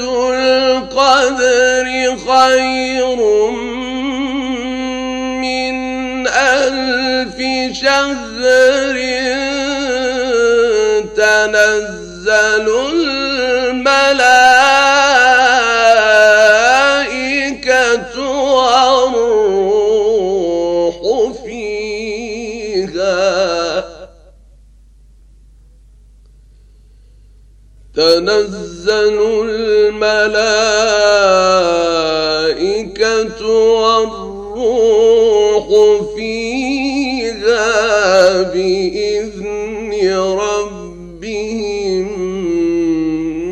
القدر خير من ألف شهر تنزل الملائكة والروح فيها تنزل الملائكه والروح فيها بإذن ربهم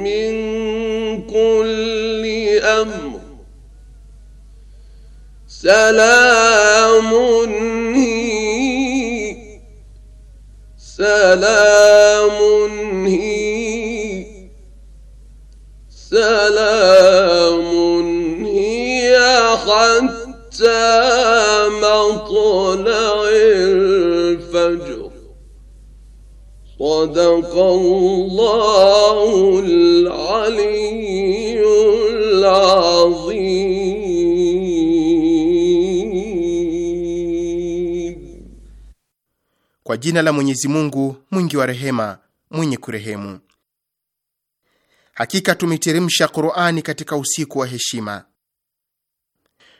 من كل أمر سلام هي سلام هي Kwa jina la Mwenyezi Mungu mwingi wa rehema mwenye kurehemu. Hakika tumeteremsha Qur'ani katika usiku wa heshima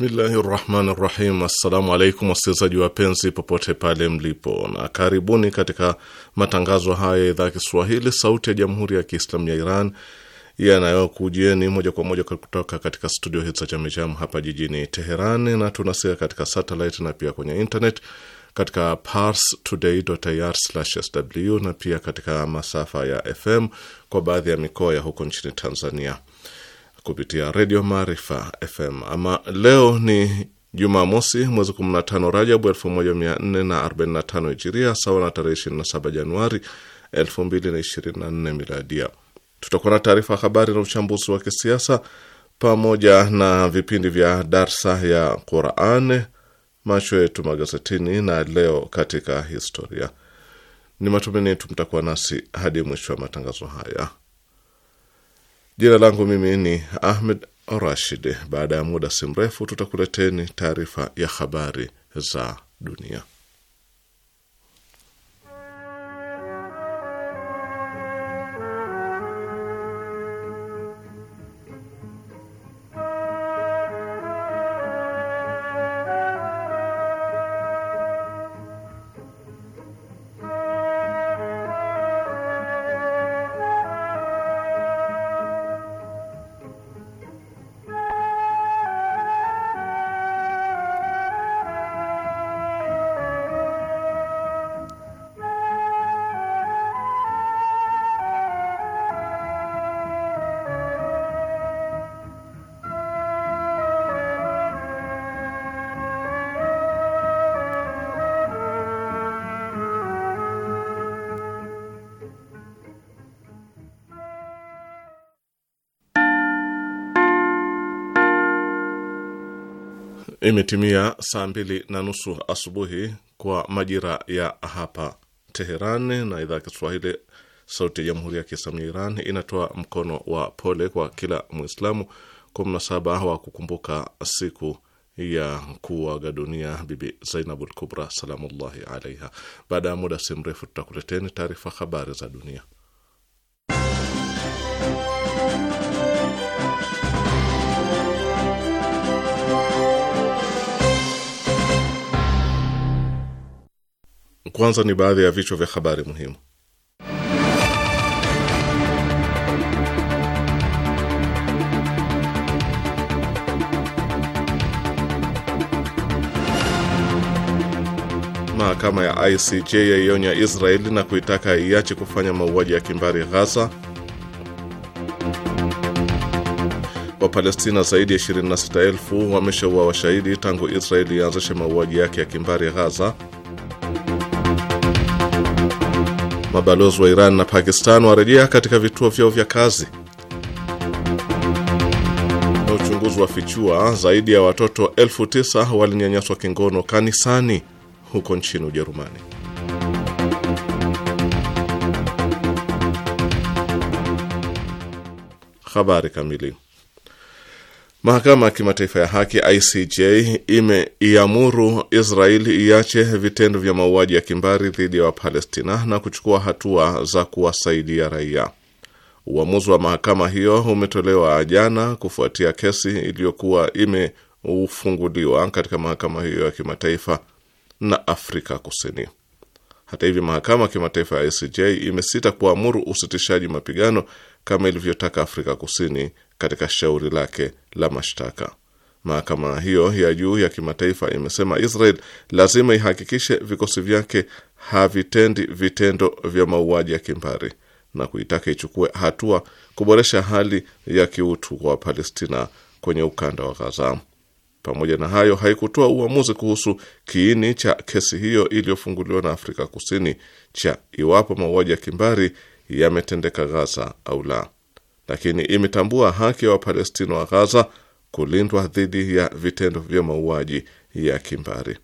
Bismillahi rahmani rahim. Assalamu alaikum wasikilizaji wapenzi popote pale mlipo, na karibuni katika matangazo haya ya idhaa ya Kiswahili sauti ya jamhuri ya Kiislamu ya Iran yanayokujieni moja kwa moja kutoka katika studio hizi za Chamichamu hapa jijini teheran na tunasikia katika satelit na pia kwenye internet katika parstoday.ir/sw na pia katika masafa ya FM kwa baadhi ya mikoa ya huko nchini Tanzania kupitia redio Maarifa FM. Ama leo ni Jumamosi mwezi 15 Rajabu 1445 Hijiria, sawa na tarehe 27 Januari 2024 Miladia. Tutakuwa na taarifa habari na uchambuzi wa kisiasa pamoja na vipindi vya darsa ya Quran, macho yetu magazetini na leo katika historia. Ni matumaini yetu mtakuwa nasi hadi mwisho wa matangazo haya. Jina langu mimi ni Ahmed Rashid. Baada ya muda si mrefu, tutakuleteni taarifa ya habari za dunia. Imetimia saa mbili na nusu asubuhi kwa majira ya hapa Teheran, na idhaa ya Kiswahili sauti ya jamhuri ya kiislamu ya Iran inatoa mkono wa pole kwa kila Mwislamu kwa mnasaba wa kukumbuka siku ya kuaga dunia Bibi Zainabul Kubra salamullahi alaiha. Baada ya muda si mrefu, tutakuleteni taarifa habari za dunia. Kwanza ni baadhi ya vichwa vya habari muhimu. Mahakama ya ICJ yaionya Israeli na kuitaka iache kufanya mauaji ya kimbari Ghaza. Wapalestina zaidi ya 26,000 wameshaua washahidi tangu Israeli ianzishe mauaji yake ya kimbari Ghaza. Mabalozi wa Iran na Pakistan warejea katika vituo vyao vya kazi. Na uchunguzi wa fichua zaidi ya watoto elfu tisa walinyanyaswa kingono kanisani huko nchini Ujerumani. Habari kamili Mahakama ya Kimataifa ya Haki ICJ imeiamuru Israeli iache vitendo vya mauaji ya kimbari dhidi ya Wapalestina na kuchukua hatua za kuwasaidia raia. Uamuzi wa mahakama hiyo umetolewa jana kufuatia kesi iliyokuwa imeufunguliwa katika mahakama hiyo ya kimataifa na Afrika Kusini. Hata hivyo, mahakama ya kimataifa ya ICJ imesita kuamuru usitishaji mapigano kama ilivyotaka Afrika Kusini katika shauri lake la mashtaka. Mahakama hiyo ya juu ya kimataifa imesema Israel lazima ihakikishe vikosi vyake havitendi vitendo vya mauaji ya kimbari na kuitaka ichukue hatua kuboresha hali ya kiutu kwa Wapalestina kwenye ukanda wa Gaza. Pamoja na hayo, haikutoa uamuzi kuhusu kiini cha kesi hiyo iliyofunguliwa na Afrika Kusini cha iwapo mauaji ya kimbari yametendeka Gaza au la lakini imetambua haki ya Wapalestina wa Ghaza kulindwa dhidi ya vitendo vya mauaji ya kimbari.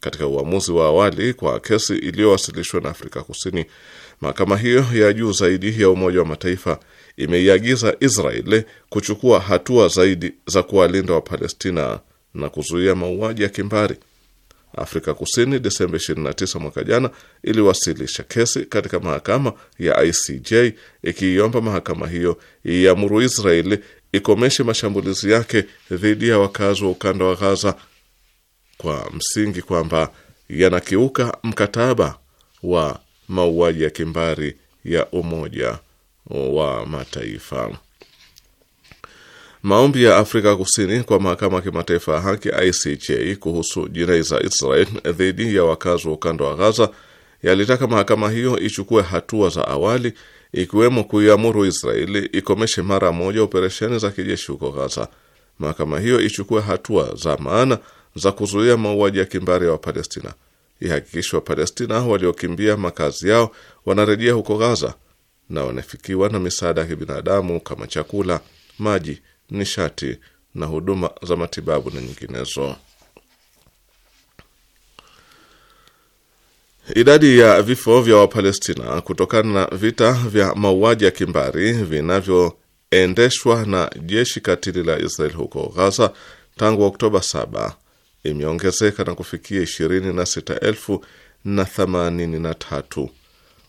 Katika uamuzi wa awali kwa kesi iliyowasilishwa na Afrika Kusini, mahakama hiyo ya juu zaidi ya Umoja wa Mataifa imeiagiza Israeli kuchukua hatua zaidi za kuwalinda Wapalestina na kuzuia mauaji ya kimbari. Afrika Kusini Desemba 29 mwaka jana iliwasilisha kesi katika mahakama ya ICJ ikiiomba mahakama hiyo iamuru Israeli ikomeshe mashambulizi yake dhidi ya wakazi wa ukanda wa Gaza kwa msingi kwamba yanakiuka mkataba wa mauaji ya kimbari ya Umoja wa Mataifa. Maombi ya Afrika Kusini kwa mahakama ya kimataifa ya haki ICJ kuhusu jinai za Israel dhidi ya wakazi wa ukanda wa Gaza yalitaka mahakama hiyo ichukue hatua za awali, ikiwemo kuiamuru Israeli ikomeshe mara moja operesheni za kijeshi huko Gaza. Mahakama hiyo ichukue hatua za maana za kuzuia mauaji ya kimbari ya Wapalestina, ihakikishe Wapalestina waliokimbia makazi yao wanarejea huko Gaza na wanafikiwa na misaada ya kibinadamu kama chakula, maji nishati na huduma za matibabu na nyinginezo. Idadi ya vifo vya Wapalestina kutokana na vita vya mauaji ya kimbari vinavyoendeshwa na jeshi katili la Israel huko Ghaza tangu Oktoba 7 imeongezeka na kufikia 26,083.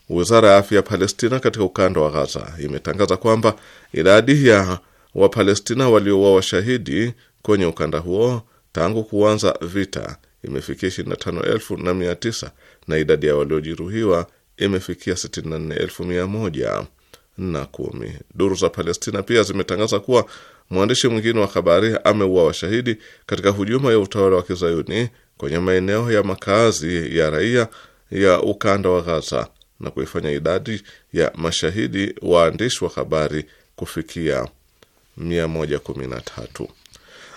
Wizara ya afya ya Palestina katika ukanda wa Ghaza imetangaza kwamba idadi ya Wapalestina waliouawa washahidi kwenye ukanda huo tangu kuanza vita imefikia 25,900 na idadi ya waliojeruhiwa imefikia 64,110. Duru za Palestina pia zimetangaza kuwa mwandishi mwingine wa habari ameua washahidi katika hujuma ya utawala wa kizayuni kwenye maeneo ya makazi ya raia ya ukanda wa Gaza na kuifanya idadi ya mashahidi waandishi wa habari kufikia 113.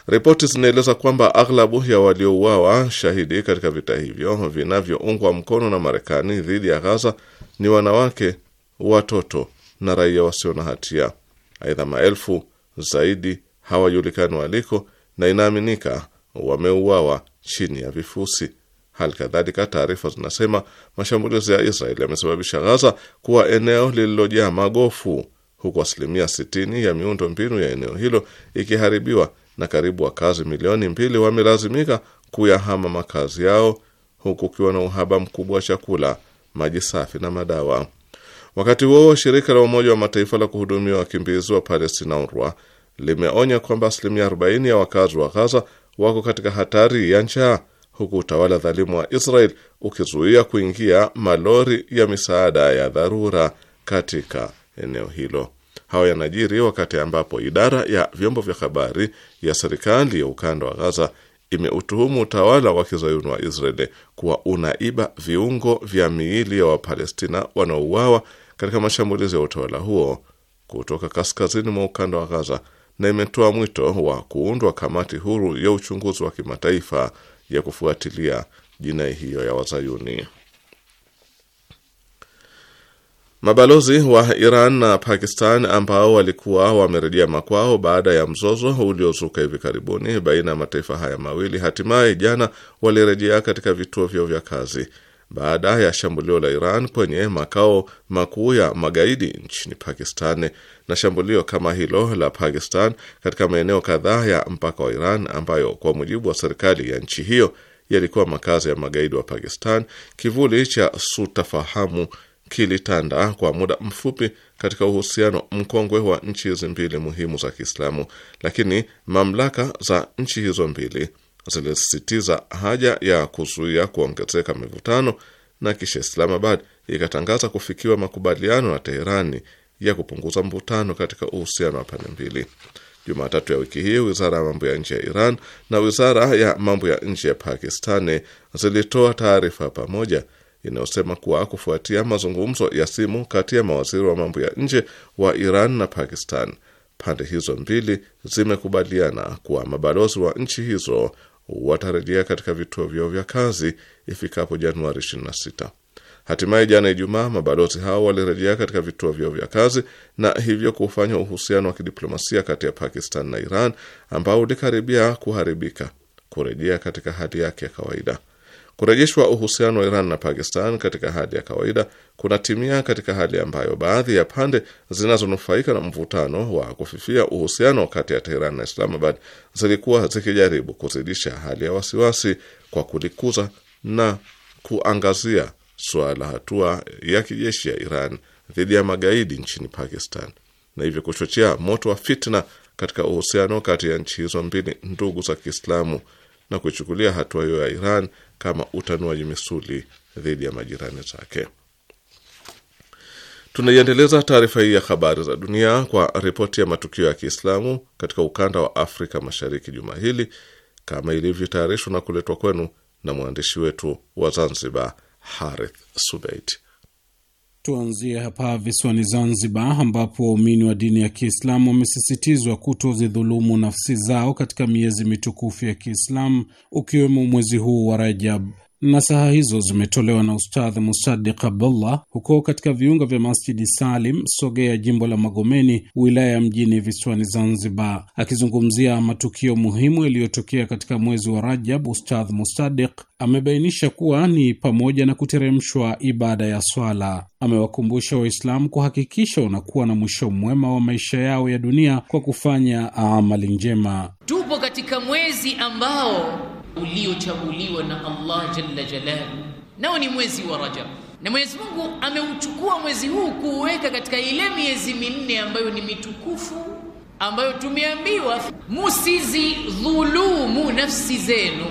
Ripoti zinaeleza kwamba aghlabu ya waliouawa shahidi katika vita hivyo vinavyoungwa mkono na Marekani dhidi ya Ghaza ni wanawake, watoto na raia wasio na hatia. Aidha, maelfu zaidi hawajulikani waliko na inaaminika wameuawa chini ya vifusi. Hali kadhalika, taarifa zinasema mashambulizi ya Israeli yamesababisha Ghaza kuwa eneo lililojaa magofu huku asilimia 60 ya miundo mbinu ya eneo hilo ikiharibiwa na karibu wakazi milioni mbili wamelazimika kuyahama makazi yao huku ukiwa na uhaba mkubwa wa chakula, maji safi na madawa. Wakati huo shirika la Umoja wa Mataifa la kuhudumia wakimbizi wa Palestina, UNRWA, limeonya kwamba asilimia 40 ya wakazi wa Ghaza wako katika hatari ya njaa, huku utawala dhalimu wa Israel ukizuia kuingia malori ya misaada ya dharura katika eneo hilo. Hayo yanajiri wakati ambapo idara ya vyombo vya habari ya serikali ya ukanda wa Gaza imeutuhumu utawala wa kizayuni wa Israeli kuwa unaiba viungo vya miili ya Wapalestina wanaouawa katika mashambulizi ya utawala huo kutoka kaskazini mwa ukanda wa Gaza na imetoa mwito wa kuundwa kamati huru ya uchunguzi wa kimataifa ya kufuatilia jinai hiyo ya Wazayuni. Mabalozi wa Iran na Pakistan ambao walikuwa wamerejea makwao baada ya mzozo uliozuka hivi karibuni baina ya mataifa haya mawili, hatimaye jana walirejea katika vituo vyao vya kazi baada ya shambulio la Iran kwenye makao makuu ya magaidi nchini Pakistan na shambulio kama hilo la Pakistan katika maeneo kadhaa ya mpaka wa Iran ambayo kwa mujibu wa serikali ya nchi hiyo yalikuwa makazi ya magaidi wa Pakistan, kivuli cha sutafahamu kilitanda kwa muda mfupi katika uhusiano mkongwe wa nchi hizi mbili muhimu za Kiislamu, lakini mamlaka za nchi hizo mbili zilisisitiza haja ya kuzuia kuongezeka mivutano, na kisha Islamabad ikatangaza kufikiwa makubaliano na Teherani ya kupunguza mvutano katika uhusiano wa pande mbili. Jumatatu ya wiki hii wizara ya mambo ya nje ya Iran na wizara ya mambo ya nje ya Pakistani zilitoa taarifa pamoja inayosema kuwa kufuatia mazungumzo ya simu kati ya mawaziri wa mambo ya nje wa Iran na Pakistan, pande hizo mbili zimekubaliana kuwa mabalozi wa nchi hizo watarejea katika vituo vyao vya kazi ifikapo Januari 26. Hatimaye jana Ijumaa, mabalozi hao walirejea katika vituo vyao vya kazi na hivyo kufanya uhusiano wa kidiplomasia kati ya Pakistan na Iran ambao ulikaribia kuharibika kurejea katika hali yake ya kawaida. Kurejeshwa uhusiano wa Iran na Pakistan katika hali ya kawaida kunatimia katika hali ambayo baadhi ya pande zinazonufaika na mvutano wa kufifia uhusiano kati ya Teheran na Islamabad zilikuwa zikijaribu kuzidisha hali ya wasiwasi kwa kulikuza na kuangazia suala la hatua ya kijeshi ya Iran dhidi ya magaidi nchini Pakistan na hivyo kuchochea moto wa fitna katika uhusiano kati ya nchi hizo mbili ndugu za Kiislamu na kuichukulia hatua hiyo ya Iran kama utanuaji misuli dhidi ya majirani zake. Tunaiendeleza taarifa hii ya habari za dunia kwa ripoti ya matukio ya Kiislamu katika ukanda wa Afrika Mashariki juma hili kama ilivyotayarishwa na kuletwa kwenu na mwandishi wetu wa Zanzibar Harith Subeit. Tuanzie hapa visiwani Zanzibar, ambapo waumini wa dini ya Kiislamu wamesisitizwa kutozidhulumu nafsi zao katika miezi mitukufu ya Kiislamu, ukiwemo mwezi huu wa Rajab. Nasaha hizo zimetolewa na Ustadh Musadiq Abdullah huko katika viunga vya Masjidi Salim Sogea, jimbo la Magomeni, wilaya ya Mjini, visiwani Zanzibar. Akizungumzia matukio muhimu yaliyotokea katika mwezi wa Rajab, Ustadh Musadiq amebainisha kuwa ni pamoja na kuteremshwa ibada ya swala. Amewakumbusha Waislamu kuhakikisha wanakuwa na mwisho mwema wa maisha yao ya dunia kwa kufanya amali njema. Tupo katika mwezi ambao uliochaguliwa na Allah jalla jalalu, nao ni mwezi wa Rajab. Na Mwenyezi Mungu ameuchukua mwezi huu kuuweka katika ile miezi minne ambayo ni mitukufu, ambayo tumeambiwa musizi dhulumu nafsi zenu,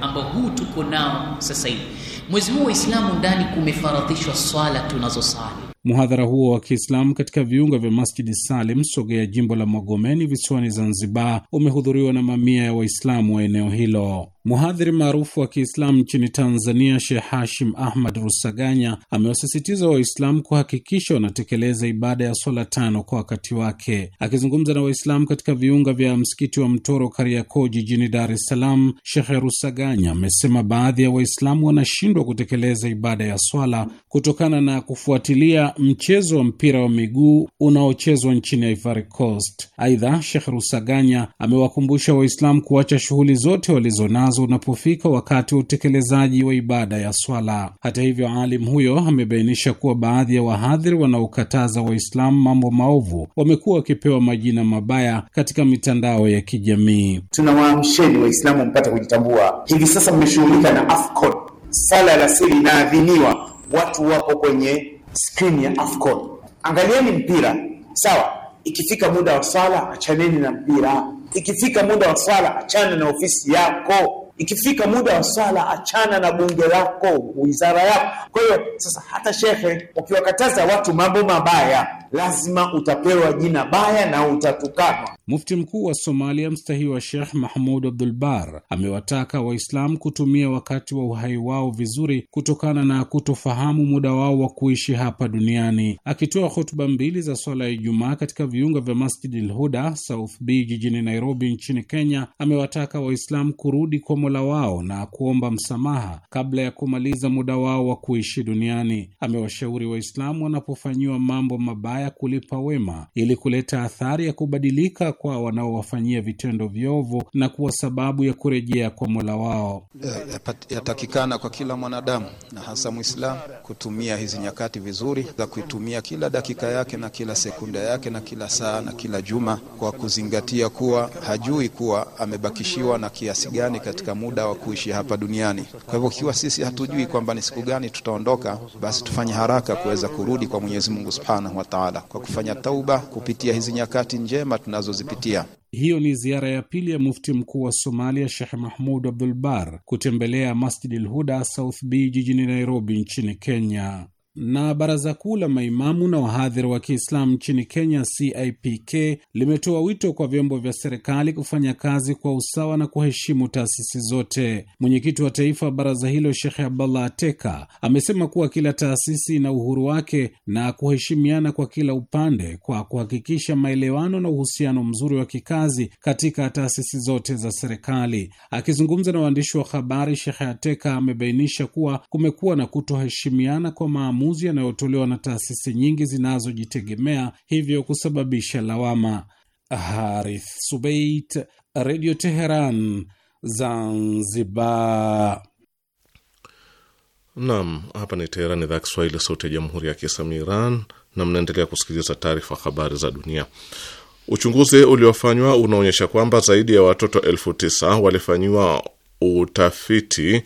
ambao huu tuko nao sasa hivi. Mwezi huu Waislamu ndani kumefaradhishwa swala tunazosali Muhadhara huo wa Kiislamu katika viunga vya Masjidi Salim Sogea, jimbo la Magomeni, visiwani Zanzibar, umehudhuriwa na mamia ya Waislamu wa eneo hilo. Mhadhiri maarufu wa Kiislamu nchini Tanzania, Sheikh Hashim Ahmad Rusaganya amewasisitiza Waislamu kuhakikisha wanatekeleza ibada ya swala tano kwa wakati wake. Akizungumza na Waislamu katika viunga vya msikiti wa Mtoro Kariakoo jijini Dar es Salaam, Sheikh Rusaganya amesema baadhi ya Waislamu wanashindwa kutekeleza ibada ya swala kutokana na kufuatilia mchezo wa mpira wa miguu unaochezwa nchini Ivory Coast. Aidha, Sheikh Rusaganya amewakumbusha Waislamu kuacha shughuli zote walizonazo mkazo unapofika wakati wa utekelezaji wa ibada ya swala. Hata hivyo, alim huyo amebainisha kuwa baadhi ya wahadhiri wanaokataza Waislamu mambo maovu wamekuwa wakipewa majina mabaya katika mitandao ya kijamii. Tunawaamsheni Waislamu mpate kujitambua. Hivi sasa mmeshughulika na AFCON, sala la siri inaadhiniwa, watu wapo kwenye skrini ya AFCON. Angalieni mpira, sawa. Ikifika muda wa swala, achaneni na mpira. Ikifika muda wa swala, achane na ofisi yako. Ikifika muda wa sala, achana na bunge lako, wizara yako. Kwa hiyo sasa, hata shekhe ukiwakataza watu mambo mabaya, lazima utapewa jina baya na utatukanwa. Mufti mkuu wa Somalia mstahiwa Sheikh Mahmud Abdul Bar amewataka Waislamu kutumia wakati wa uhai wao vizuri kutokana na kutofahamu muda wao wa kuishi hapa duniani. Akitoa hotuba mbili za swala ya Ijumaa katika viunga vya masjid l Huda South B jijini Nairobi nchini Kenya, amewataka Waislamu kurudi kwa Mola wao na kuomba msamaha kabla ya kumaliza muda wao wa kuishi duniani. Amewashauri Waislamu wanapofanyiwa mambo mabaya kulipa wema ili kuleta athari ya kubadilika kwa wanaowafanyia vitendo viovu na kuwa sababu ya kurejea kwa Mola wao. Yatakikana kwa kila mwanadamu na hasa mwislam kutumia hizi nyakati vizuri, za kuitumia kila dakika yake na kila sekunda yake na kila saa na kila juma, kwa kuzingatia kuwa hajui kuwa amebakishiwa na kiasi gani katika muda wa kuishi hapa duniani. Kwa hivyo, ikiwa sisi hatujui kwamba ni siku gani tutaondoka, basi tufanye haraka kuweza kurudi kwa Mwenyezi Mungu Subhanahu wa Ta'ala, kwa kufanya tauba kupitia hizi nyakati njema tunazo tunayopitia. Hiyo ni ziara ya pili ya mufti mkuu wa Somalia Shekh Mahmud Abdul Bar kutembelea Masjidil Huda South B jijini Nairobi nchini Kenya. Na baraza kuu la maimamu na wahadhiri wa Kiislamu nchini Kenya, CIPK, limetoa wito kwa vyombo vya serikali kufanya kazi kwa usawa na kuheshimu taasisi zote. Mwenyekiti wa taifa wa baraza hilo Shekhe Abdallah Ateka amesema kuwa kila taasisi ina uhuru wake na kuheshimiana kwa kila upande kwa kuhakikisha maelewano na uhusiano mzuri wa kikazi katika taasisi zote za serikali. Akizungumza na waandishi wa habari, Shekhe Ateka amebainisha kuwa kumekuwa na kutoheshimiana kwa maamuzi maamuzi yanayotolewa na taasisi nyingi zinazojitegemea, hivyo kusababisha lawama. Harith Subait, Radio Teheran, Zanzibar. Naam, hapa ni Teherani, idhaa Kiswahili, sauti ya jamhuri ya kiislamu Iran, na mnaendelea kusikiliza taarifa habari za dunia. Uchunguzi uliofanywa unaonyesha kwamba zaidi ya watoto elfu tisa walifanyiwa utafiti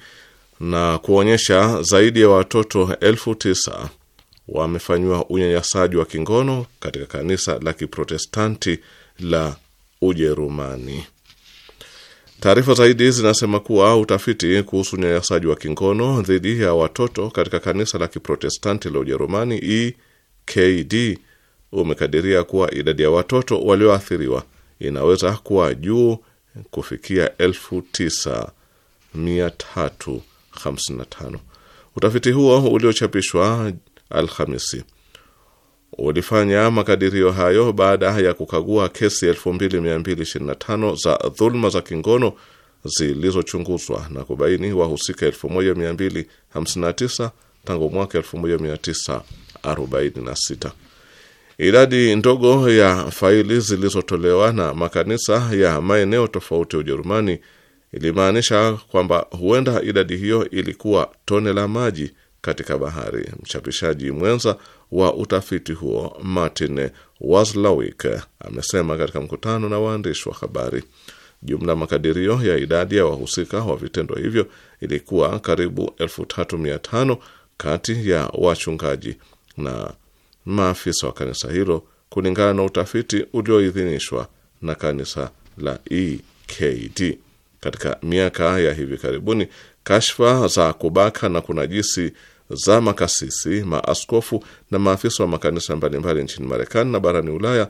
na kuonyesha zaidi ya watoto elfu tisa wamefanyiwa unyanyasaji wa kingono katika kanisa la Kiprotestanti la Ujerumani. Taarifa zaidi zinasema kuwa utafiti kuhusu unyanyasaji wa kingono dhidi ya watoto katika kanisa la Kiprotestanti la Ujerumani EKD umekadiria kuwa idadi ya watoto walioathiriwa inaweza kuwa juu kufikia elfu tisa mia tatu 55. Utafiti huo uliochapishwa Alhamisi ulifanya makadirio hayo baada ya kukagua kesi 2225 za dhuluma za kingono zilizochunguzwa na kubaini wahusika 1259 tangu mwaka 1946. Idadi ndogo ya faili zilizotolewa na makanisa ya maeneo tofauti ya Ujerumani ilimaanisha kwamba huenda idadi hiyo ilikuwa tone la maji katika bahari. Mchapishaji mwenza wa utafiti huo Martin Waslawik amesema katika mkutano na waandishi wa habari, jumla makadirio ya idadi ya wahusika wa vitendo hivyo ilikuwa karibu 35 kati ya wachungaji na maafisa wa kanisa hilo kulingana na utafiti ulioidhinishwa na kanisa la EKD. Katika miaka ya hivi karibuni, kashfa za kubaka na kunajisi za makasisi, maaskofu na maafisa wa makanisa mbalimbali nchini Marekani na barani Ulaya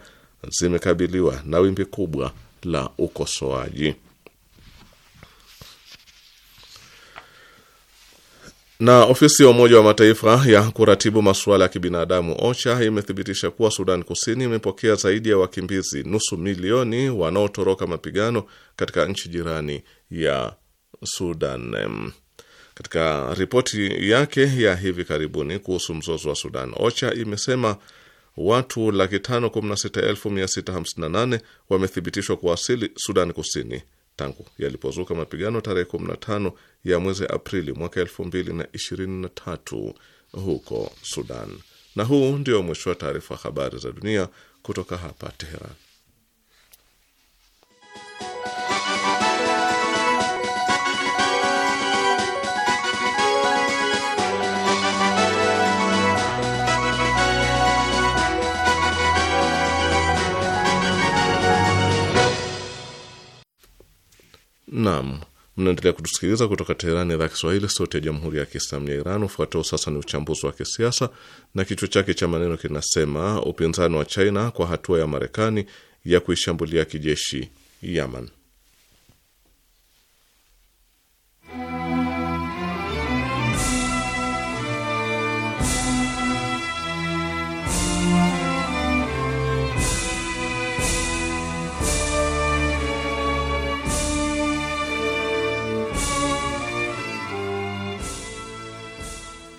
zimekabiliwa na wimbi kubwa la ukosoaji. Na ofisi ya Umoja wa Mataifa ya kuratibu masuala ya kibinadamu OCHA imethibitisha kuwa Sudan Kusini imepokea zaidi ya wakimbizi nusu milioni wanaotoroka mapigano katika nchi jirani ya Sudan. Katika ripoti yake ya hivi karibuni kuhusu mzozo wa Sudan, OCHA imesema watu laki tano kumi na sita mia sita hamsini na nane wamethibitishwa kuwasili Sudan Kusini tangu yalipozuka mapigano tarehe 15 ya mwezi Aprili mwaka 2023 huko Sudan. Na huu ndio mwisho wa taarifa habari za dunia kutoka hapa Teheran. Naam, mnaendelea kutusikiliza kutoka Teherani, idhaa Kiswahili, sauti ya jamhuri ya kiislamu ya Iran. Ufuatao sasa ni uchambuzi wa kisiasa na kichwa chake cha maneno kinasema upinzani wa China kwa hatua ya Marekani ya kuishambulia kijeshi Yaman.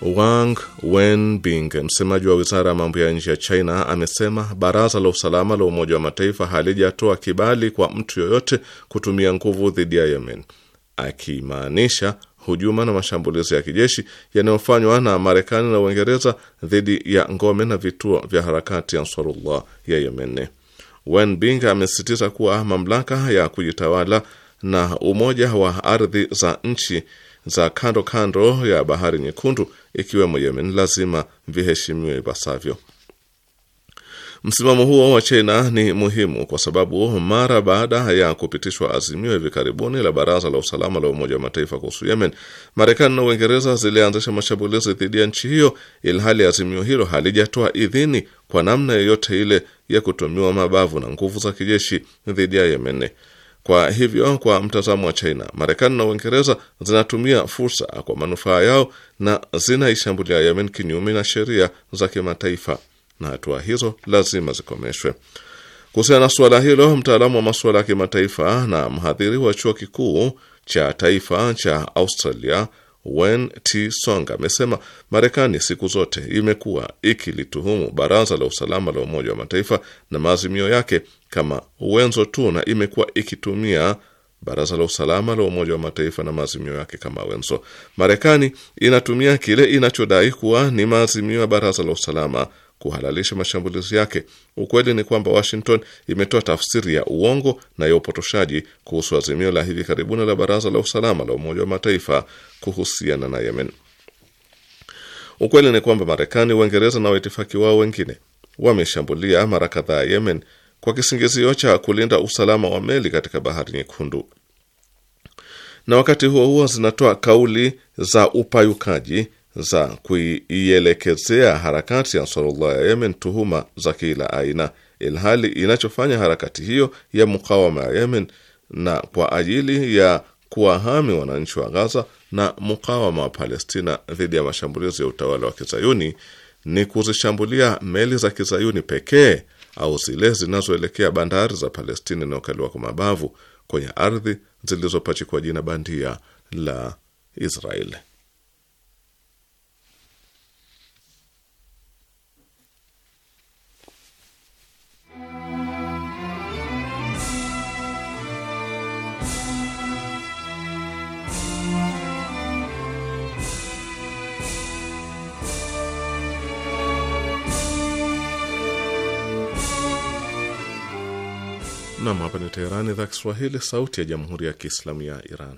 Wang Wenbing, msemaji wa wizara ya mambo ya nje ya China, amesema baraza la usalama la Umoja wa Mataifa halijatoa kibali kwa mtu yoyote kutumia nguvu dhidi ya Yemen, akimaanisha hujuma na mashambulizi ya kijeshi yanayofanywa na Marekani na Uingereza dhidi ya ngome na vituo vya harakati ya Ansarullah ya Yemen. Wenbing amesisitiza kuwa mamlaka ya kujitawala na umoja wa ardhi za nchi za kando kando ya Bahari Nyekundu ikiwemo Yemen lazima viheshimiwe ipasavyo. Msimamo huo wa China ni muhimu kwa sababu mara baada ya kupitishwa azimio hivi karibuni la Baraza la Usalama la Umoja wa Mataifa kuhusu Yemen, Marekani na Uingereza zilianzisha mashambulizi dhidi ya nchi hiyo, ilhali azimio hilo halijatoa idhini kwa namna yoyote ile ya kutumiwa mabavu na nguvu za kijeshi dhidi ya Yemen. Kwa hivyo, kwa mtazamo wa China, Marekani na Uingereza zinatumia fursa kwa manufaa yao na zinaishambulia Yemen kinyume na sheria za kimataifa, na hatua hizo lazima zikomeshwe. Kuhusiana na suala hilo, mtaalamu wa masuala ya kimataifa na mhadhiri wa chuo kikuu cha taifa cha Australia Wen T Song amesema Marekani siku zote imekuwa ikilituhumu Baraza la Usalama la Umoja wa Mataifa na maazimio yake kama wenzo tu na imekuwa ikitumia Baraza la Usalama la Umoja wa Mataifa na maazimio yake kama wenzo. Marekani inatumia kile inachodai kuwa ni maazimio ya Baraza la Usalama kuhalalisha mashambulizi yake. Ukweli ni kwamba Washington imetoa tafsiri ya uongo na ya upotoshaji kuhusu azimio la hivi karibuni la Baraza la Usalama la Umoja wa Mataifa kuhusiana na Yemen. Ukweli ni kwamba Marekani, Uingereza na waitifaki wao wengine wameshambulia mara kadhaa Yemen kwa kisingizio cha kulinda usalama wa meli katika Bahari Nyekundu, na wakati huo huo zinatoa kauli za upayukaji za kuielekezea harakati ya Ansarullah ya Yemen tuhuma za kila aina, ilhali inachofanya harakati hiyo ya mukawama ya Yemen na kwa ajili ya kuwahami wananchi wa Gaza na mukawama wa Palestina dhidi ya mashambulizi ya utawala wa kizayuni ni kuzishambulia meli za kizayuni pekee au zile zinazoelekea bandari za Palestina inayokaliwa kwa mabavu kwenye ardhi zilizopachikwa jina bandia la Israeli. Nam, hapa ni Teherani, idhaa Kiswahili, sauti ya jamhuri ya kiislamu ya Iran.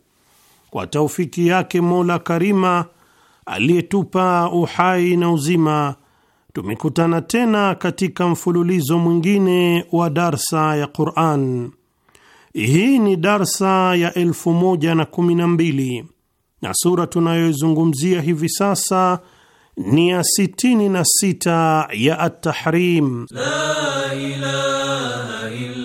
kwa taufiki yake Mola Karima aliyetupa uhai na uzima, tumekutana tena katika mfululizo mwingine wa darsa ya Quran. Hii ni darsa ya elfu moja na kumi na mbili na sura tunayoizungumzia hivi sasa ni ya sitini na sita ya At-Tahrim. La ilaha illa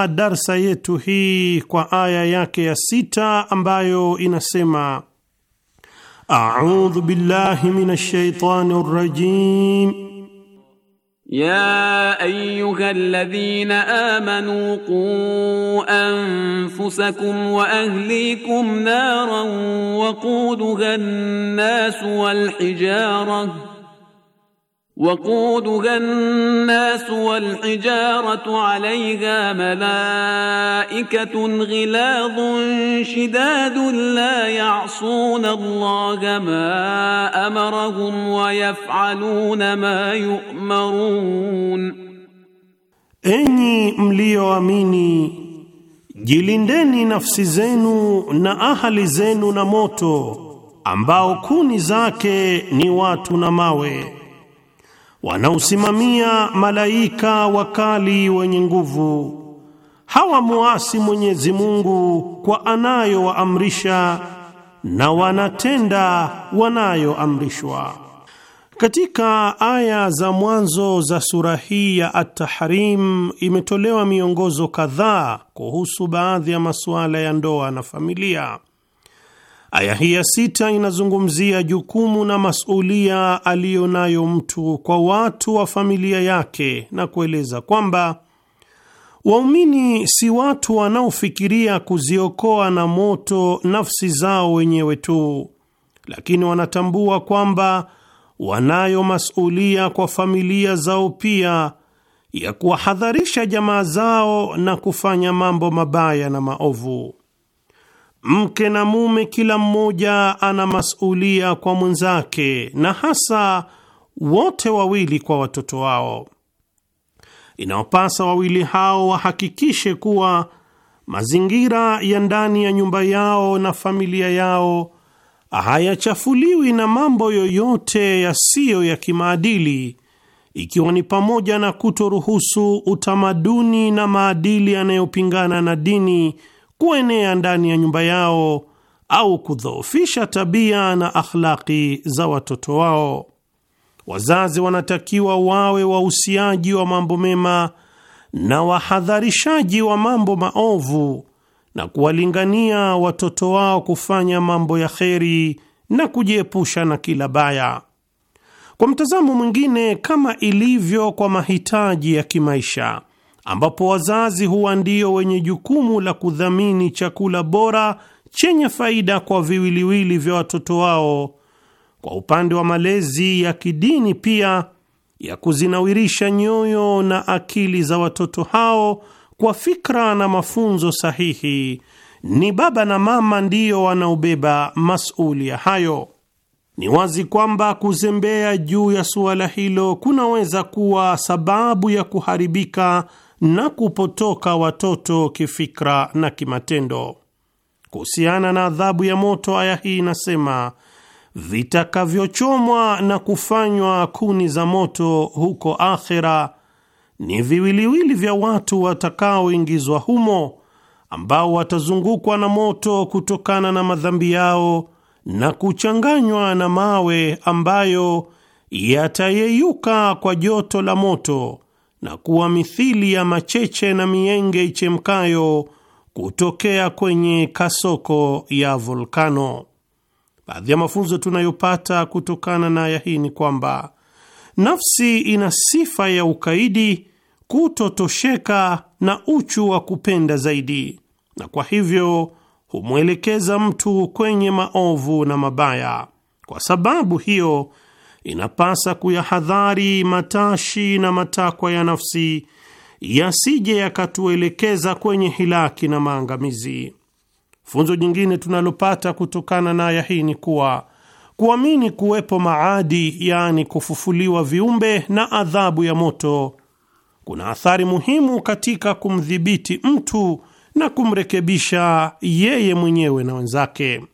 kuanza darsa yetu hii kwa aya yake ya sita ambayo inasema: audhu billahi minash shaitani rrajim ya ayyuhalladhina amanu qu anfusakum wa ahlikum naran waquduha an-nas wal hijarah وقودها الناس والحجارة عليها ملائكة غلاظ شداد لا يعصون الله ما أمرهم ويفعلون ما يؤمرون أني مليو أميني جلندني نفسي زينو نأهل زينو نموتو أمباو كوني زاكي ني watu na wanaosimamia malaika wakali wenye nguvu, hawamuasi Mwenyezi Mungu kwa anayowaamrisha na wanatenda wanayoamrishwa. Katika aya za mwanzo za sura hii ya At-Tahrim imetolewa miongozo kadhaa kuhusu baadhi ya masuala ya ndoa na familia. Aya hii ya sita inazungumzia jukumu na masulia aliyo nayo mtu kwa watu wa familia yake na kueleza kwamba waumini si watu wanaofikiria kuziokoa na moto nafsi zao wenyewe tu, lakini wanatambua kwamba wanayo masulia kwa familia zao pia ya kuwahadharisha jamaa zao na kufanya mambo mabaya na maovu. Mke na mume kila mmoja ana masulia kwa mwenzake, na hasa wote wawili kwa watoto wao. Inawapasa wawili hao wahakikishe kuwa mazingira ya ndani ya nyumba yao na familia yao hayachafuliwi na mambo yoyote yasiyo ya kimaadili, ikiwa ni pamoja na kutoruhusu utamaduni na maadili yanayopingana na dini kuenea ndani ya nyumba yao au kudhoofisha tabia na akhlaki za watoto wao. Wazazi wanatakiwa wawe wahusiaji wa mambo mema na wahadharishaji wa mambo maovu na kuwalingania watoto wao kufanya mambo ya kheri na kujiepusha na kila baya. Kwa mtazamo mwingine, kama ilivyo kwa mahitaji ya kimaisha, ambapo wazazi huwa ndio wenye jukumu la kudhamini chakula bora chenye faida kwa viwiliwili vya watoto wao. Kwa upande wa malezi ya kidini pia ya kuzinawirisha nyoyo na akili za watoto hao kwa fikra na mafunzo sahihi, ni baba na mama ndiyo wanaobeba masuli ya hayo. Ni wazi kwamba kuzembea juu ya suala hilo kunaweza kuwa sababu ya kuharibika na kupotoka watoto kifikra na kimatendo. Kuhusiana na adhabu ya moto, aya hii inasema vitakavyochomwa na kufanywa kuni za moto huko akhera ni viwiliwili vya watu watakaoingizwa humo, ambao watazungukwa na moto kutokana na madhambi yao na kuchanganywa na mawe ambayo yatayeyuka kwa joto la moto na kuwa mithili ya macheche na mienge ichemkayo kutokea kwenye kasoko ya volkano. Baadhi ya mafunzo tunayopata kutokana na aya hii ni kwamba nafsi ina sifa ya ukaidi, kutotosheka na uchu wa kupenda zaidi, na kwa hivyo humwelekeza mtu kwenye maovu na mabaya. Kwa sababu hiyo inapasa kuyahadhari matashi na matakwa ya nafsi yasije yakatuelekeza kwenye hilaki na maangamizi. Funzo jingine tunalopata kutokana na aya hii ni kuwa kuamini kuwepo maadi, yaani kufufuliwa viumbe na adhabu ya moto, kuna athari muhimu katika kumdhibiti mtu na kumrekebisha yeye mwenyewe na wenzake.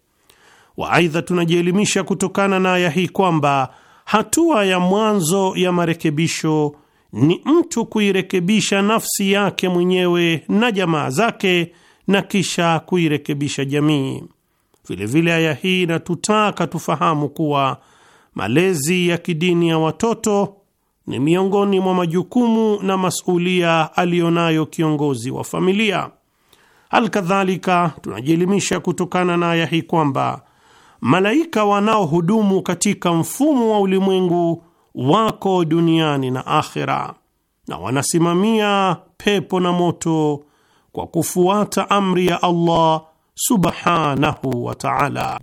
Waaidha, tunajielimisha kutokana na aya hii kwamba hatua ya mwanzo ya marekebisho ni mtu kuirekebisha nafsi yake mwenyewe na jamaa zake na kisha kuirekebisha jamii. Vilevile aya hii inatutaka tufahamu kuwa malezi ya kidini ya watoto ni miongoni mwa majukumu na masulia aliyonayo kiongozi wa familia. Alkadhalika, tunajielimisha kutokana na aya hii kwamba malaika wanaohudumu katika mfumo wa ulimwengu wako duniani na akhera, na wanasimamia pepo na moto kwa kufuata amri ya Allah subhanahu wa ta'ala.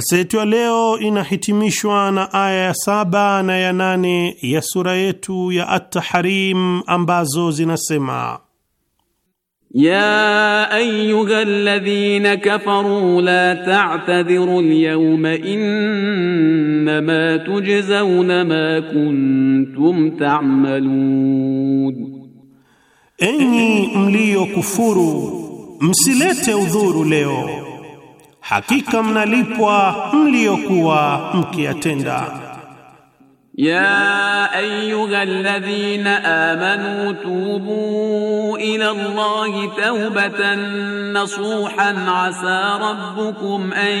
Darsa yetu ya leo inahitimishwa na aya ya saba na ya nane ya sura yetu ya At-Tahrim ambazo zinasema: ya ayuha alladhina kafaru la ta'tadhiru al-yawma innama tujzauna ma kuntum ta'malun, enyi mliyokufuru msilete udhuru leo من hakika mnalipwa mliokuwa mkiyatenda. يا أيها الذين آمنوا توبوا إلى الله توبة نصوحا عسى ربكم أن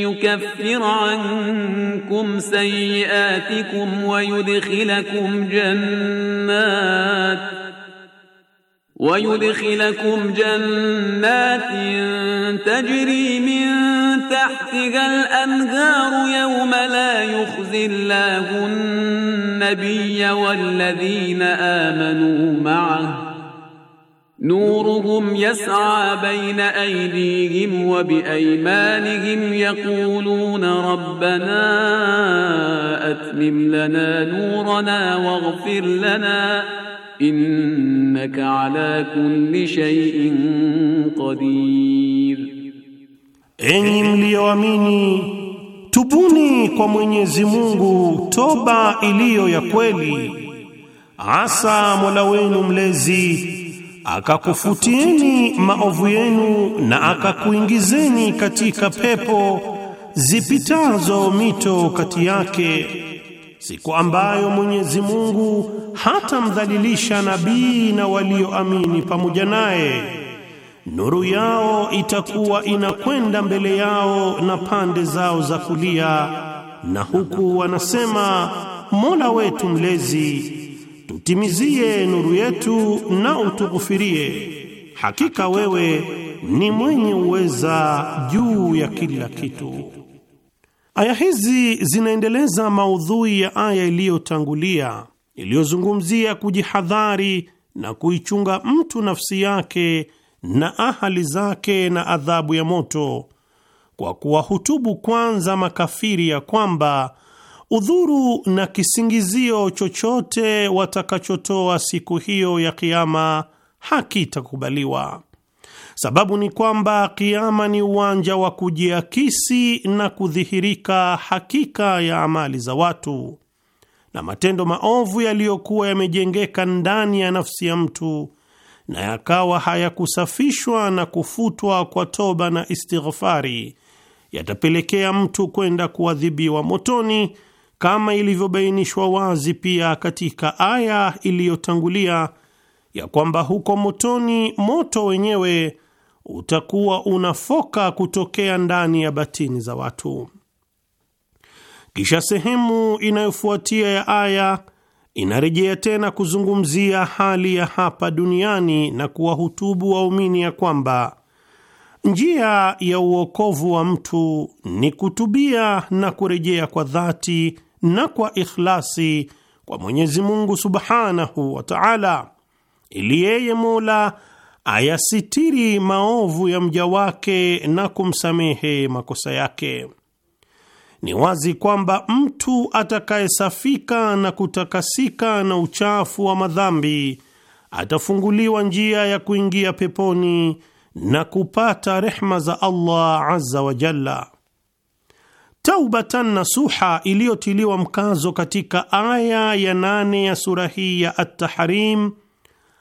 يكفر عنكم سيئاتكم ويدخلكم جنات ويدخلكم جنات تجري من تحتها الأنهار يوم لا يخزي الله النبي والذين آمنوا معه نورهم يسعى بين أيديهم وبأيمانهم يقولون ربنا أتمم لنا نورنا واغفر لنا innaka ala kulli shay'in qadir, enyi mliyoamini tubuni kwa Mwenyezi Mungu toba iliyo ya kweli, asa Mola wenu mlezi akakufutieni maovu yenu na akakuingizeni katika pepo zipitazo mito kati yake siku ambayo Mwenyezi Mungu hatamdhalilisha nabii na walioamini pamoja naye. Nuru yao itakuwa inakwenda mbele yao na pande zao za kulia, na huku wanasema, Mola wetu mlezi, tutimizie nuru yetu na utughufirie, hakika wewe ni mwenye uweza juu ya kila kitu. Aya hizi zinaendeleza maudhui ya aya iliyotangulia iliyozungumzia kujihadhari na kuichunga mtu nafsi yake na ahali zake na adhabu ya moto, kwa kuwahutubu kwanza makafiri ya kwamba udhuru na kisingizio chochote watakachotoa siku hiyo ya Kiama hakitakubaliwa Sababu ni kwamba kiama ni uwanja wa kujiakisi na kudhihirika hakika ya amali za watu, na matendo maovu yaliyokuwa yamejengeka ndani ya nafsi ya mtu na yakawa hayakusafishwa na kufutwa kwa toba na istighfari yatapelekea mtu kwenda kuadhibiwa motoni kama ilivyobainishwa wazi pia katika aya iliyotangulia ya kwamba huko motoni moto wenyewe utakuwa unafoka kutokea ndani ya batini za watu. Kisha sehemu inayofuatia ya aya inarejea tena kuzungumzia hali ya hapa duniani na kuwahutubu waumini ya kwamba njia ya uokovu wa mtu ni kutubia na kurejea kwa dhati na kwa ikhlasi kwa Mwenyezi Mungu Subhanahu wa Ta'ala, ili yeye Mola ayasitiri maovu ya mja wake na kumsamehe makosa yake. Ni wazi kwamba mtu atakayesafika na kutakasika na uchafu wa madhambi atafunguliwa njia ya kuingia peponi na kupata rehma za Allah azza wa jalla. Taubatan nasuha iliyotiliwa mkazo katika aya ya nane ya sura hii ya At-Tahrim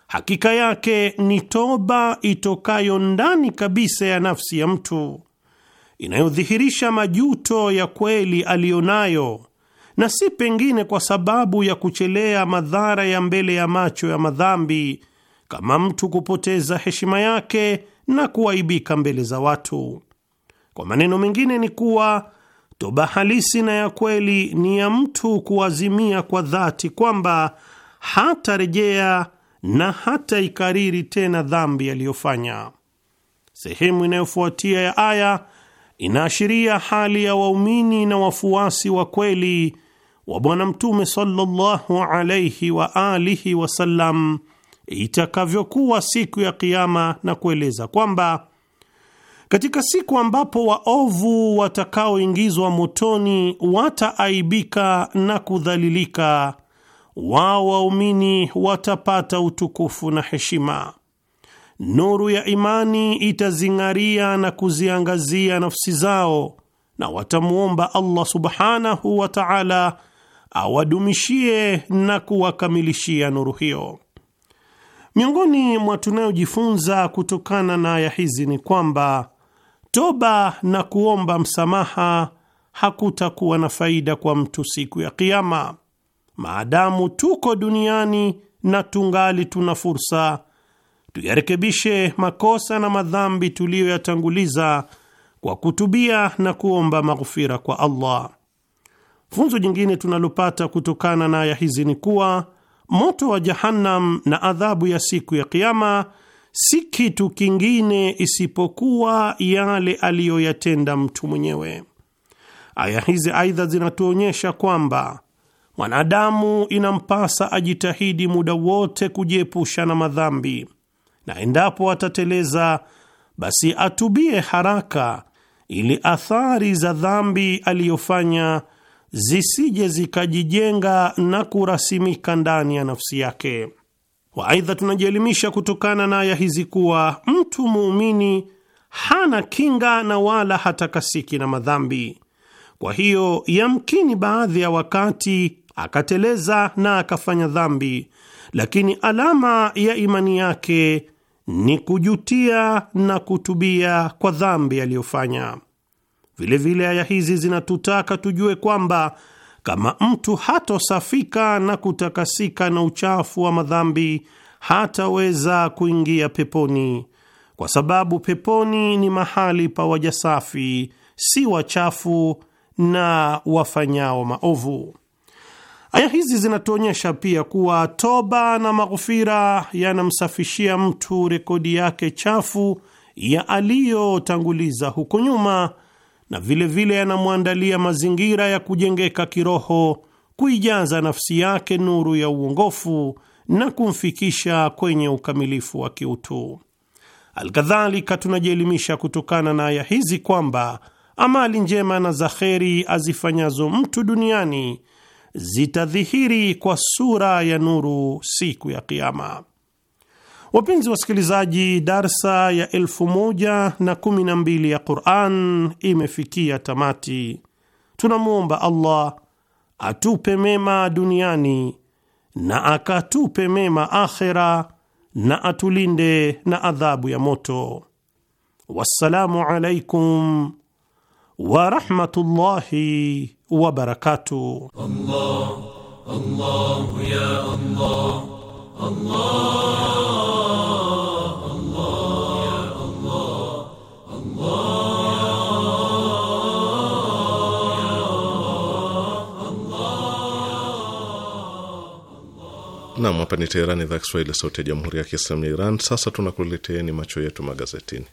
hakika yake ni toba itokayo ndani kabisa ya nafsi ya mtu inayodhihirisha majuto ya kweli aliyonayo, na si pengine kwa sababu ya kuchelea madhara ya mbele ya macho ya madhambi, kama mtu kupoteza heshima yake na kuaibika mbele za watu. Kwa maneno mengine, ni kuwa toba halisi na ya kweli ni ya mtu kuazimia kwa dhati kwamba hatarejea na hata ikariri tena dhambi aliyofanya. Sehemu inayofuatia ya aya inaashiria hali ya waumini na wafuasi wa kweli wa Bwana Mtume sallallahu alaihi wa alihi wasallam itakavyokuwa siku ya Kiama, na kueleza kwamba katika siku ambapo waovu watakaoingizwa motoni wataaibika na kudhalilika wao waumini watapata utukufu na heshima. Nuru ya imani itazing'aria na kuziangazia nafsi zao, na watamwomba Allah subhanahu wa ta'ala awadumishie na kuwakamilishia nuru hiyo. Miongoni mwa tunayojifunza kutokana na aya hizi ni kwamba toba na kuomba msamaha hakutakuwa na faida kwa mtu siku ya Kiyama maadamu tuko duniani na tungali tuna fursa, tuyarekebishe makosa na madhambi tuliyoyatanguliza kwa kutubia na kuomba maghfira kwa Allah. Funzo jingine tunalopata kutokana na aya hizi ni kuwa moto wa Jahannam na adhabu ya siku ya Kiama si kitu kingine isipokuwa yale aliyoyatenda mtu mwenyewe. Aya hizi aidha zinatuonyesha kwamba mwanadamu inampasa ajitahidi muda wote kujiepusha na madhambi, na endapo atateleza, basi atubie haraka, ili athari za dhambi aliyofanya zisije zikajijenga na kurasimika ndani ya nafsi yake. Waaidha, tunajielimisha kutokana na aya hizi kuwa mtu muumini hana kinga na wala hatakasiki na madhambi. Kwa hiyo yamkini baadhi ya wakati akateleza na akafanya dhambi, lakini alama ya imani yake ni kujutia na kutubia kwa dhambi aliyofanya. Vilevile aya hizi zinatutaka tujue kwamba kama mtu hatosafika na kutakasika na uchafu wa madhambi hataweza kuingia peponi, kwa sababu peponi ni mahali pa waja safi, si wachafu na wafanyao maovu. Aya hizi zinatuonyesha pia kuwa toba na maghufira yanamsafishia mtu rekodi yake chafu ya aliyotanguliza huko nyuma, na vilevile yanamwandalia mazingira ya kujengeka kiroho, kuijaza nafsi yake nuru ya uongofu na kumfikisha kwenye ukamilifu wa kiutu. Alkadhalika, tunajielimisha kutokana na aya hizi kwamba amali njema na za kheri azifanyazo mtu duniani zitadhihiri kwa sura ya nuru siku ya Kiama. Wapenzi wasikilizaji, darsa ya elfu moja na kumi na mbili ya Quran imefikia tamati. Tunamwomba Allah atupe mema duniani na akatupe mema akhera na atulinde na adhabu ya moto. Wassalamu alaikum warahmatullahi wabarakatuh. Nam, hapa ni Teherani, idhaa Kiswahili, sauti ya jamhuri ya kiislamu ya Iran. Sasa tunakuleteeni macho yetu magazetini.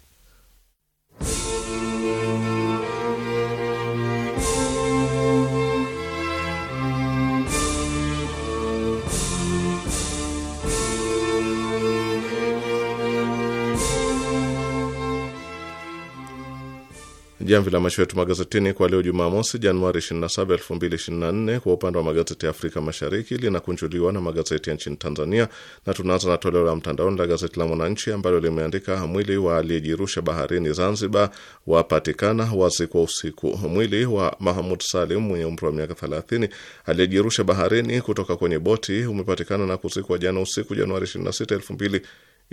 Jamvi la macho yetu magazetini kwa leo Jumamosi, Januari 27, 2024. Kwa upande wa magazeti ya Afrika Mashariki, linakunjuliwa na magazeti ya nchini Tanzania, na tunaanza na toleo la mtandaoni la gazeti la Mwananchi ambalo limeandika mwili wa aliyejirusha baharini Zanzibar wapatikana wazikwa usiku. Mwili wa mahmud Salim mwenye umri wa miaka 30 aliyejirusha baharini kutoka kwenye boti umepatikana na kuzikwa jana usiku, Januari 26,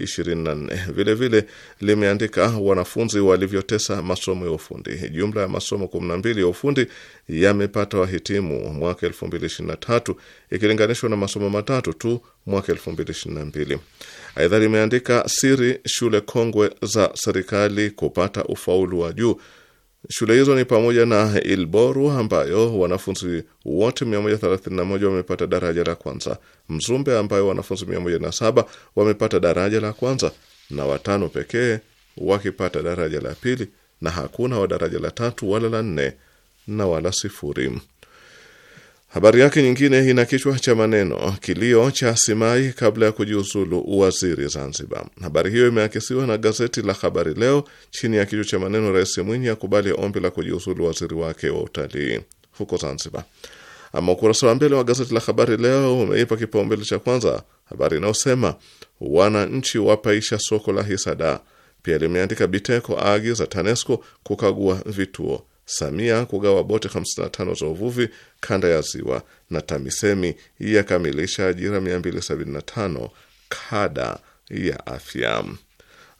24. Vilevile limeandika wanafunzi walivyotesa masomo ya ufundi. Jumla ya masomo 12 ya ufundi yamepata wahitimu mwaka 2023 ikilinganishwa na masomo matatu tu mwaka 2022. Aidha limeandika siri shule kongwe za serikali kupata ufaulu wa juu Shule hizo ni pamoja na Ilboru ambayo wanafunzi wote 131 wamepata daraja la kwanza, Mzumbe ambayo wanafunzi 107 wamepata daraja la kwanza na watano pekee wakipata daraja la pili, na hakuna wa daraja la tatu wala la nne na wala sifuri. Habari yake nyingine ina kichwa cha maneno kilio cha Simai kabla ya kujiuzulu uwaziri Zanzibar. Habari hiyo imeakisiwa na gazeti la Habari Leo chini ya kichwa cha maneno Rais Mwinyi akubali ombi la kujiuzulu waziri wake wa utalii huko Zanzibar. Ama ukurasa wa mbele wa gazeti la Habari Leo umeipa kipaumbele cha kwanza habari inayosema wananchi wapaisha soko la hisa da. Pia limeandika Biteko aagiza TANESCO kukagua vituo Samia kugawa boti 55 za uvuvi kanda ya Ziwa, na TAMISEMI yakamilisha ajira 275 kada ya afya.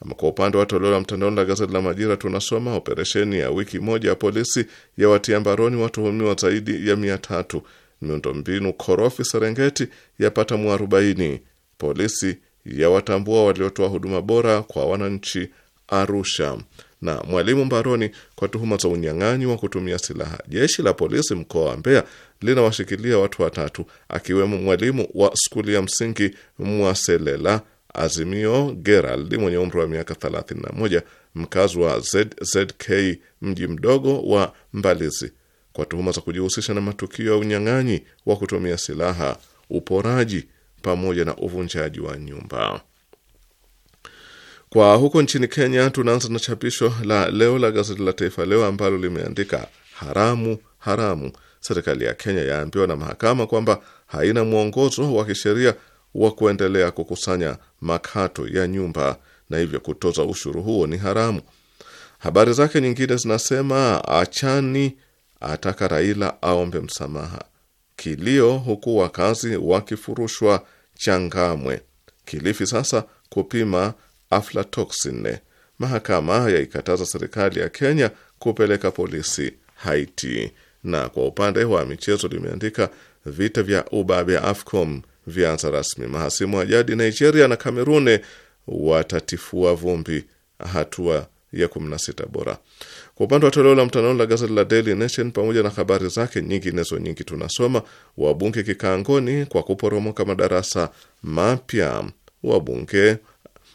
Ama kwa upande wa toleo la mtandaoni la gazeti la Majira tunasoma operesheni ya wiki moja ya polisi ya watia mbaroni watuhumiwa zaidi ya mia tatu. Miundombinu korofi Serengeti yapata mwarobaini. Polisi yawatambua waliotoa huduma bora kwa wananchi Arusha na mwalimu mbaroni kwa tuhuma za unyang'anyi wa kutumia silaha. Jeshi la polisi mkoa wa Mbeya linawashikilia watu watatu akiwemo mwalimu wa skuli ya msingi Mwaselela Azimio Gerald mwenye umri wa miaka 31 mkazi wa ZZK mji mdogo wa Mbalizi kwa tuhuma za kujihusisha na matukio ya unyang'anyi wa kutumia silaha, uporaji pamoja na uvunjaji wa nyumba. Kwa huko nchini Kenya, tunaanza na chapisho la leo la gazeti la Taifa Leo ambalo limeandika haramu haramu, serikali ya Kenya yaambiwa na mahakama kwamba haina mwongozo wa kisheria wa kuendelea kukusanya makato ya nyumba na hivyo kutoza ushuru huo ni haramu. Habari zake nyingine zinasema achani ataka Raila aombe msamaha, kilio huku wakazi wakifurushwa Changamwe, Kilifi sasa kupima aflatoxin. Mahakama yaikataza serikali ya Kenya kupeleka polisi Haiti. Na kwa upande wa michezo limeandika vita vya ubabe afcom vyanza rasmi. Mahasimu wa jadi Nigeria na Kameruni watatifua vumbi hatua ya 16 bora. Kwa upande wa toleo la mtandaoni la gazeti la Daily Nation, pamoja na habari zake nyinginezo nyingi, tunasoma wabunge kikaangoni kwa kuporomoka madarasa mapya. Wabunge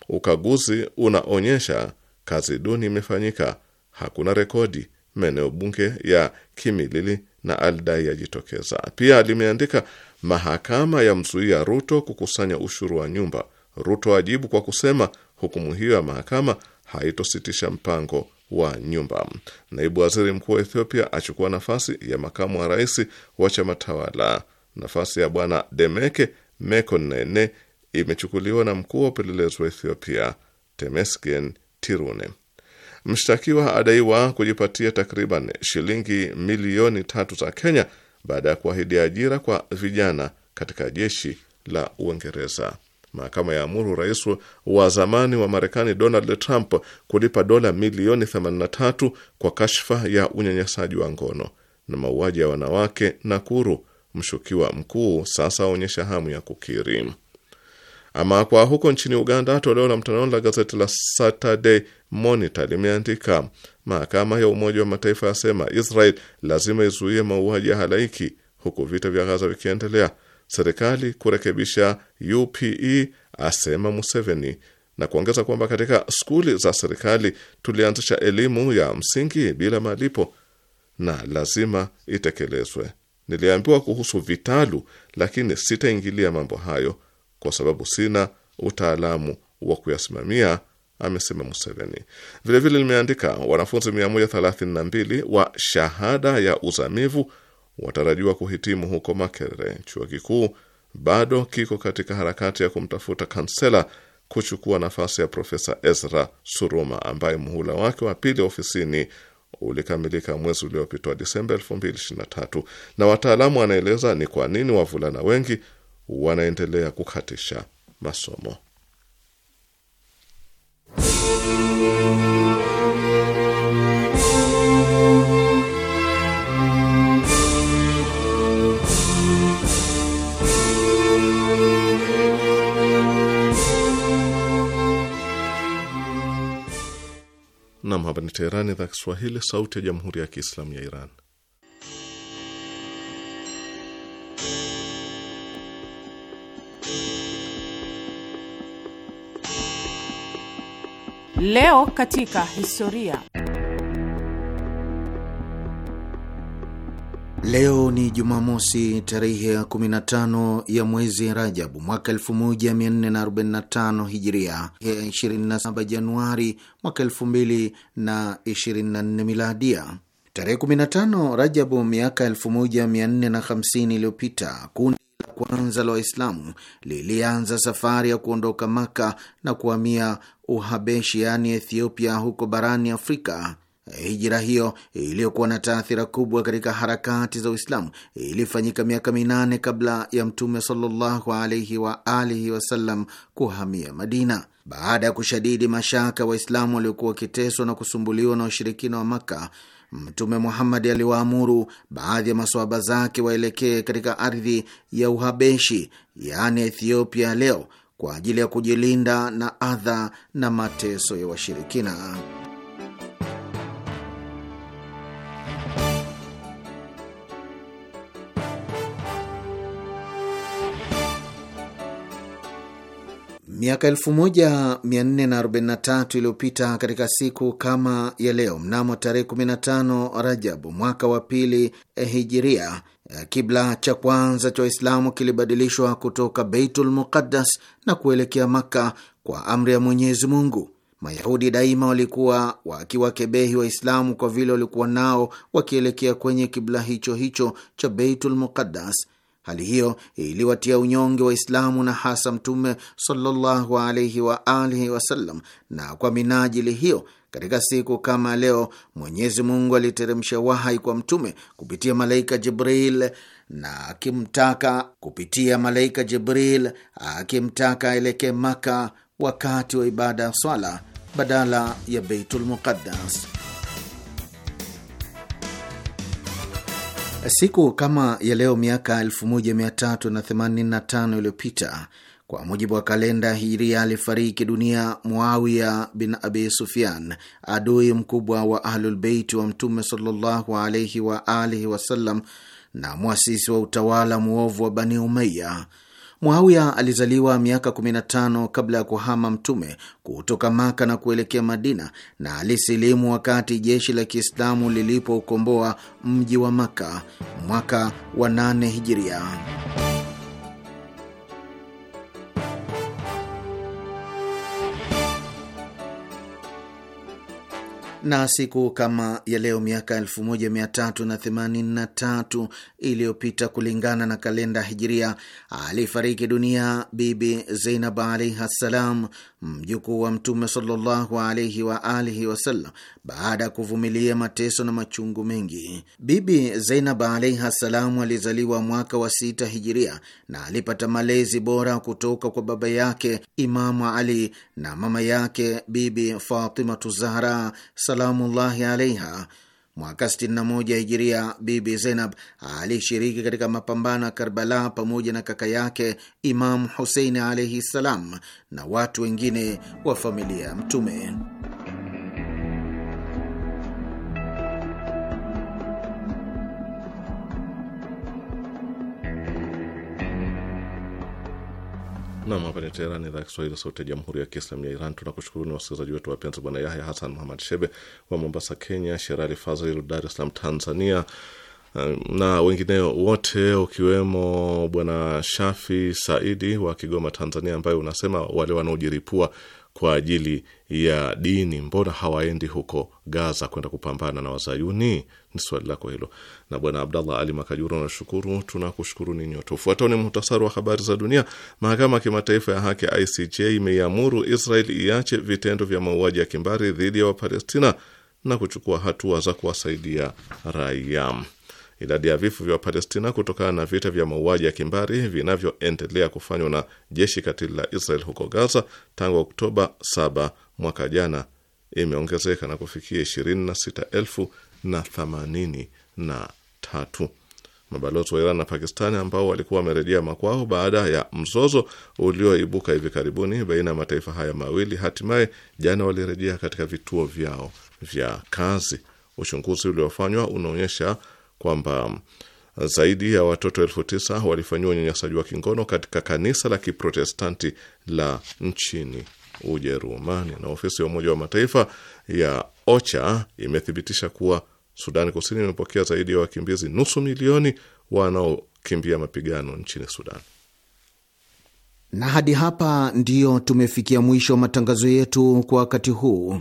Ukaguzi unaonyesha kazi duni imefanyika, hakuna rekodi maeneo bunge ya Kimilili na Aldai yajitokeza. Pia limeandika mahakama ya mzuia Ruto kukusanya ushuru wa nyumba. Ruto ajibu kwa kusema hukumu hiyo ya mahakama haitositisha mpango wa nyumba. Naibu waziri mkuu wa Ethiopia achukua nafasi ya makamu wa rais wa chama tawala. Nafasi ya bwana Demeke Mekonene imechukuliwa na mkuu wa upelelezi wa Ethiopia Temesgen Tirune. Mshtakiwa adaiwa kujipatia takriban shilingi milioni tatu za Kenya baada ya kuahidi ajira kwa vijana katika jeshi la Uingereza. Mahakama ya amuru rais wa zamani wa Marekani Donald Trump kulipa dola milioni 83 kwa kashfa ya unyanyasaji wa ngono na mauaji ya wanawake Nakuru. Mshukiwa mkuu sasa aonyesha hamu ya kukiri. Ama kwa huko nchini Uganda, toleo la mtandaoni la gazeti la Saturday Monitor limeandika mahakama ya Umoja wa Mataifa yasema Israel lazima izuie mauaji ya halaiki huku vita vya Gaza vikiendelea, serikali kurekebisha UPE asema Museveni, na kuongeza kwamba katika skuli za serikali tulianzisha elimu ya msingi bila malipo na lazima itekelezwe. Niliambiwa kuhusu vitalu, lakini sitaingilia mambo hayo kwa sababu sina utaalamu wa kuyasimamia, amesema Museveni. Vilevile limeandika wanafunzi 132 wa shahada ya uzamivu watarajiwa kuhitimu huko Makerere. Chuo kikuu bado kiko katika harakati ya kumtafuta kansela kuchukua nafasi ya Profesa Ezra Suruma ambaye muhula wake wa pili ofisini ulikamilika mwezi uliopita wa Disemba 2023, na wataalamu wanaeleza ni kwa nini wavulana wengi wanaendelea kukatisha masomo. Nam, hapa ni Teherani, idhaa Kiswahili, sauti ya jamhuri ya kiislamu ya Iran. Leo katika historia. Leo ni Jumamosi tarehe ya 15 ya mwezi Rajabu mwaka 1445 Hijiria, 27 Januari mwaka 2024 Miladia. Tarehe 15 Rajabu miaka 1450 iliyopita, kundi kwanza la Waislamu lilianza safari ya kuondoka Maka na kuhamia Uhabeshi, yaani Ethiopia, huko barani Afrika. Hijira hiyo iliyokuwa na taathira kubwa katika harakati za Uislamu ilifanyika miaka minane kabla ya Mtume sallallahu alaihi wa alihi wasallam kuhamia Madina. Baada ya kushadidi mashaka, Waislamu waliokuwa wakiteswa na kusumbuliwa na washirikina wa makka Mtume Muhammad aliwaamuru baadhi ya masohaba zake waelekee katika ardhi ya Uhabeshi, yaani Ethiopia leo, kwa ajili ya kujilinda na adha na mateso ya washirikina. Miaka 1443 iliyopita katika siku kama ya leo, mnamo tarehe 15 Rajabu mwaka wa pili eh, hijiria, eh, kibla cha kwanza cha Waislamu kilibadilishwa kutoka Beitul Muqaddas na kuelekea Makka kwa amri ya Mwenyezi Mungu. Mayahudi daima walikuwa wakiwakebehi Waislamu kwa vile walikuwa nao wakielekea kwenye kibla hicho hicho cha Beitul Muqaddas Hali hiyo iliwatia unyonge Waislamu na hasa Mtume sallallahu alaihi wa alihi wasallam, na kwa minajili hiyo katika siku kama leo Mwenyezi Mungu aliteremsha wahai kwa Mtume kupitia malaika Jibril na akimtaka kupitia malaika Jibril akimtaka aelekee Maka wakati wa ibada ya swala badala ya Beitul Muqaddas. Siku kama ya leo miaka 1385 iliyopita kwa mujibu wa kalenda Hiria, alifariki dunia Muawiya bin Abi Sufyan, adui mkubwa wa Ahlulbeiti wa Mtume sallallahu alaihi wa alihi wasallam na mwasisi wa utawala mwovu wa Bani Umayya. Muawiya alizaliwa miaka 15 kabla ya kuhama Mtume kutoka Maka na kuelekea Madina, na alisilimu wakati jeshi la Kiislamu lilipoukomboa mji wa Maka mwaka wa 8 Hijiria. na siku kama ya leo miaka 1383 iliyopita kulingana na kalenda Hijiria, alifariki dunia Bibi Zeinab alaihi ssalam, mjukuu wa Mtume sallallahu alaihi wa alihi wasallam, baada ya kuvumilia mateso na machungu mengi. Bibi Zainab alaihi ssalamu alizaliwa mwaka wa sita hijiria na alipata malezi bora kutoka kwa baba yake Imamu Ali na mama yake Bibi Fatimatu Zahra salamullahi alaiha Mwaka 61 hijiria, Bibi Zeinab alishiriki katika mapambano ya Karbala pamoja na kaka yake Imamu Huseini alaihi ssalam na watu wengine wa familia ya Mtume. Nam, hapa ni Teheran, idhaa ya Kiswahili, sauti ya jamhuri ya kiislamu ya Iran. Tunakushukuruni wasikilizaji wetu wapenzi, bwana Yahya Hasan Muhamad Shebe wa Mombasa, Kenya, Sherali Fazil, Dar es Salaam, Tanzania, um, na wengineo wote ukiwemo bwana Shafi Saidi wa Kigoma, Tanzania, ambaye unasema wale wanaojiripua kwa ajili ya dini, mbona hawaendi huko Gaza kwenda kupambana na Wazayuni? Ni swali lako hilo. Na bwana Abdallah Ali Makajuru, nashukuru. ni nyoto Ufuatao ni muhtasari wa habari za dunia. Mahakama ya Kimataifa ya Haki ICJ imeiamuru Israel iache vitendo vya mauaji ya kimbari dhidi ya Wapalestina na kuchukua hatua za kuwasaidia raia. Idadi ya vifo vya Wapalestina kutokana na vita vya mauaji ya kimbari vinavyoendelea kufanywa na jeshi katili la Israel huko Gaza tangu Oktoba 7 mwaka jana imeongezeka na kufikia 26,083. Mabalozi wa Iran na Pakistani ambao walikuwa wamerejea makwao baada ya mzozo ulioibuka hivi karibuni baina ya mataifa haya mawili, hatimaye jana walirejea katika vituo vyao vya kazi. Uchunguzi uliofanywa unaonyesha kwamba zaidi ya watoto elfu tisa walifanyiwa unyanyasaji wa kingono katika kanisa la Kiprotestanti la nchini Ujerumani. Na ofisi ya Umoja wa Mataifa ya OCHA imethibitisha kuwa Sudani Kusini imepokea zaidi ya wakimbizi nusu milioni wanaokimbia mapigano nchini Sudan. Na hadi hapa ndiyo tumefikia mwisho wa matangazo yetu kwa wakati huu.